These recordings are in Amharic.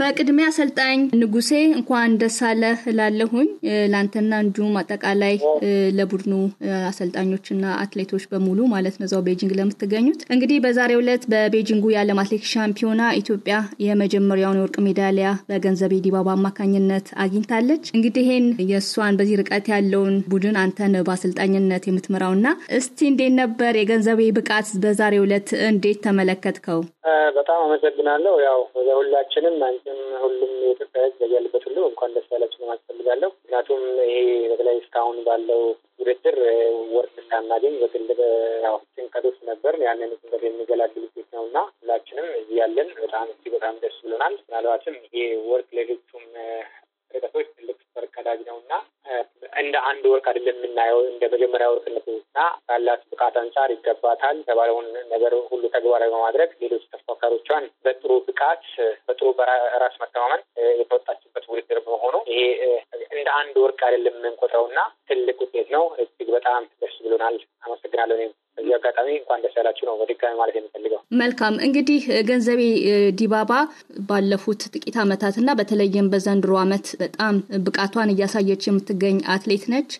በቅድሚያ አሰልጣኝ ንጉሴ እንኳን ደስ አለህ እላለሁኝ ለአንተና እንዲሁም አጠቃላይ ለቡድኑ አሰልጣኞችና አትሌቶች በሙሉ ማለት ነው እዛው ቤጂንግ ለምትገኙት። እንግዲህ በዛሬው ዕለት በቤጂንጉ የዓለም አትሌቲክስ ሻምፒዮና ኢትዮጵያ የመጀመሪያውን የወርቅ ሜዳሊያ በገንዘቤ ዲባባ አማካኝነት አግኝታለች። እንግዲህ ይሄን የእሷን በዚህ ርቀት ያለውን ቡድን አንተን በአሰልጣኝነት የምትመራውና እስቲ እንዴት ነበር የገንዘቤ ብቃት በዛሬው ዕለት እንዴት ተመለከትከው? በጣም አመሰግናለሁ። ያው ሁላችንም አንተም ሁሉም የኢትዮጵያ ሕዝብ በያለበት ሁሉ እንኳን ደስ ያላችሁ ማለት እፈልጋለሁ። ምክንያቱም ይሄ በተለይ እስካሁን ባለው ውድድር ወርቅ ሳናገኝ በትልቅ ጭንቀት ውስጥ ነበር። ያንን ጭንቀት የሚገላግል ውጤት ነው እና ሁላችንም እዚህ ያለን በጣም እጅ በጣም ደስ ብሎናል። ምናልባትም ይሄ ወርቅ ለሌሎቹም ርቀቶች ትልቅ ፈር ቀዳጅ ነው እና እንደ አንድ ወርቅ አይደለም የምናየው እንደ መጀመሪያ ወርቅነት እና ካላት ብቃት አንጻር ይገባታል የተባለውን ነገር ሁሉ ተግባራዊ በማድረግ ሌሎች ተፎካሪዎቿን በጥሩ ብቃት በጥሩ በራስ መተማመን የተወጣችበት ውድድር በመሆኑ ይሄ እንደ አንድ ወርቅ አይደለም የምንቆጥረው እና ትልቅ ውጤት ነው። እጅግ በጣም ደስ ብሎናል። አመሰግናለሁ እኔም በዚህ አጋጣሚ እንኳን ደስ ያላችሁ ነው በድጋሚ ማለት የምፈልገው። መልካም እንግዲህ ገንዘቤ ዲባባ ባለፉት ጥቂት ዓመታት እና በተለይም በዘንድሮ አመት በጣም ብቃቷን እያሳየች የምትገኝ አትሌት ነች።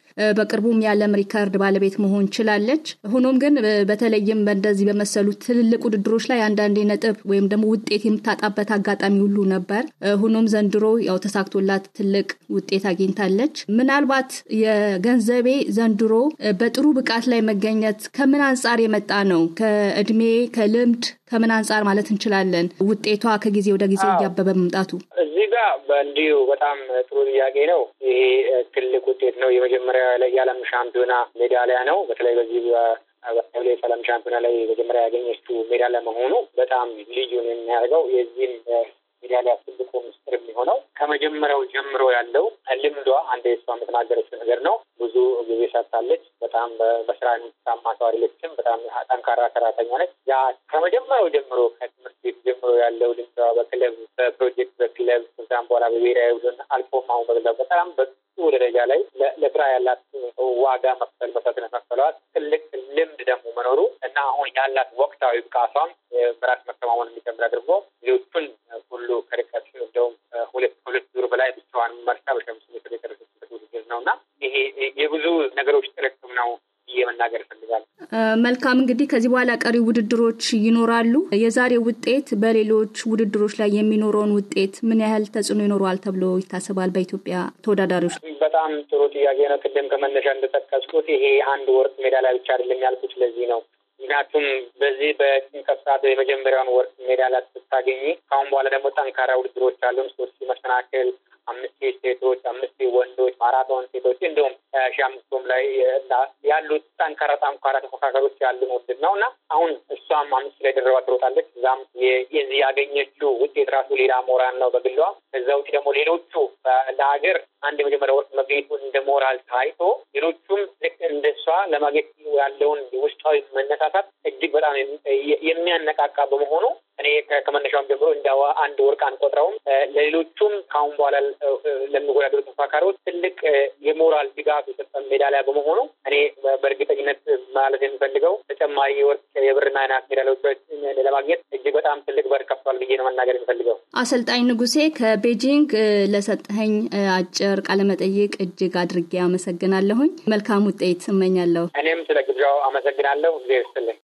በቅርቡም የዓለም ሪካርድ ባለቤት መሆን ችላለች። ሆኖም ግን በተለይም በእንደዚህ በመሰሉ ትልልቅ ውድድሮች ላይ አንዳንዴ ነጥብ ወይም ደግሞ ውጤት የምታጣበት አጋጣሚ ሁሉ ነበር። ሆኖም ዘንድሮ ያው ተሳክቶላት ትልቅ ውጤት አግኝታለች። ምናልባት የገንዘቤ ዘንድሮ በጥሩ ብቃት ላይ መገኘት ከምን አንጻር የመጣ ነው? ከእድሜ ከልምድ ከምን አንጻር ማለት እንችላለን? ውጤቷ ከጊዜ ወደ ጊዜ እያበበ መምጣቱ እዚህ ጋር በእንዲሁ በጣም ጥሩ ጥያቄ ነው። ይሄ ትልቅ ውጤት ነው። የመጀመሪያ ላይ የዓለም ሻምፒዮና ሜዳሊያ ነው። በተለይ በዚህ በተለይ ሰላም ሻምፒዮና ላይ መጀመሪያ ያገኘችው ሜዳሊያ መሆኑ በጣም ልዩ ነው የሚያደርገው የዚህም ሜዳሊያ ትልቁ ምስጢር የሚሆነው ከመጀመሪያው ጀምሮ ያለው ልምዷ አንድ የሷ የምትናገረችው ነገር ነው። ብዙ ጊዜ ሰርታለች። በጣም በስራ ሰው ልችም በጣም ጠንካራ ሰራተኛ ነች። ያ ከመጀመሪያው ጀምሮ ከትምህርት ቤት ጀምሮ ያለው ልምዷ በክለብ በፕሮጀክት በክለብ ከዛም በኋላ በብሔራዊ ቡድን አልፎም አሁን በግላ በጣም በጥሩ ደረጃ ላይ ለስራ ያላት ዋጋ መክፈል መስዋዕትነት መክፈሏት ትልቅ ልምድ ደግሞ መኖሩ እና አሁን ያላት ወቅታዊ ብቃቷም በራስ መተማመን የሚጨምር አድርጎ ልጆቹን ሁሉ ከርቀት እንደውም ሁለት ሁለት ዙር በላይ ብቻዋን መርሳ በሸምስ ሜትር የደረሰችበት ውድድር ነው እና ይሄ የብዙ ነገሮች ጥርቅም ነው ብዬ መናገር እፈልጋለሁ። መልካም እንግዲህ ከዚህ በኋላ ቀሪ ውድድሮች ይኖራሉ። የዛሬ ውጤት በሌሎች ውድድሮች ላይ የሚኖረውን ውጤት ምን ያህል ተጽዕኖ ይኖረዋል ተብሎ ይታሰባል? በኢትዮጵያ ተወዳዳሪዎች። በጣም ጥሩ ጥያቄ ነው። ቅድም ከመነሻ እንደጠቀስኩት ይሄ አንድ ወርቅ ሜዳሊያ ብቻ አይደለም ያልኩት ለዚህ ነው። ምክንያቱም በዚህ በጭንቀሳት የመጀመሪያውን ወርቅ ሜዳሊያ ስታገኝ ከአሁን በኋላ ደግሞ ጠንካራ ውድድሮች አሉን። ሶስት መሰናክል አምስት ሴቶች፣ አምስት ወንዶች፣ ማራቶን ሴቶች እንዲሁም ሺ አምስቱም ላይ ያሉት ጠንካራ ጠንካራ ተፎካካሪዎች ያሉ ውድድር ነው እና አሁን እሷም አምስት ላይ ደረባ ትሮጣለች። እዛም የዚህ ያገኘችው ውጤት ራሱ ሌላ ሞራል ነው በግሏ። እዛ ውጭ ደግሞ ሌሎቹ ለሀገር አንድ የመጀመሪያ ወርቅ መገኘቱ እንደ ሞራል ታይቶ ሌሎቹም ልክ እንደ እሷ ለማግኘት ያለውን ውስጣዊ መነሳሳት እጅግ በጣም የሚያነቃቃ በመሆኑ እኔ ከመነሻውም ጀምሮ እንዳዋ አንድ ወርቅ አንቆጥረውም። ለሌሎቹም ከአሁን በኋላ ለሚወዳደሩ ተፎካካሪዎች ትልቅ የሞራል ድጋፍ የሰጠ ሜዳሊያ በመሆኑ እኔ በእርግጠኝነት ማለት የምፈልገው ተጨማሪ የወርቅ የብርና አይናት ሜዳሊያዎች ለማግኘት እጅግ በጣም ትልቅ በር ከፍቷል ብዬ ነው መናገር የምፈልገው። አሰልጣኝ ንጉሴ ከቤጂንግ ለሰጠኸኝ አጭር ቃለመጠይቅ እጅግ አድርጌ አመሰግናለሁኝ። መልካም ውጤት እመኛለሁ። እኔም ስለ ግብዣው አመሰግናለሁ። ጊዜ ይስጥልኝ።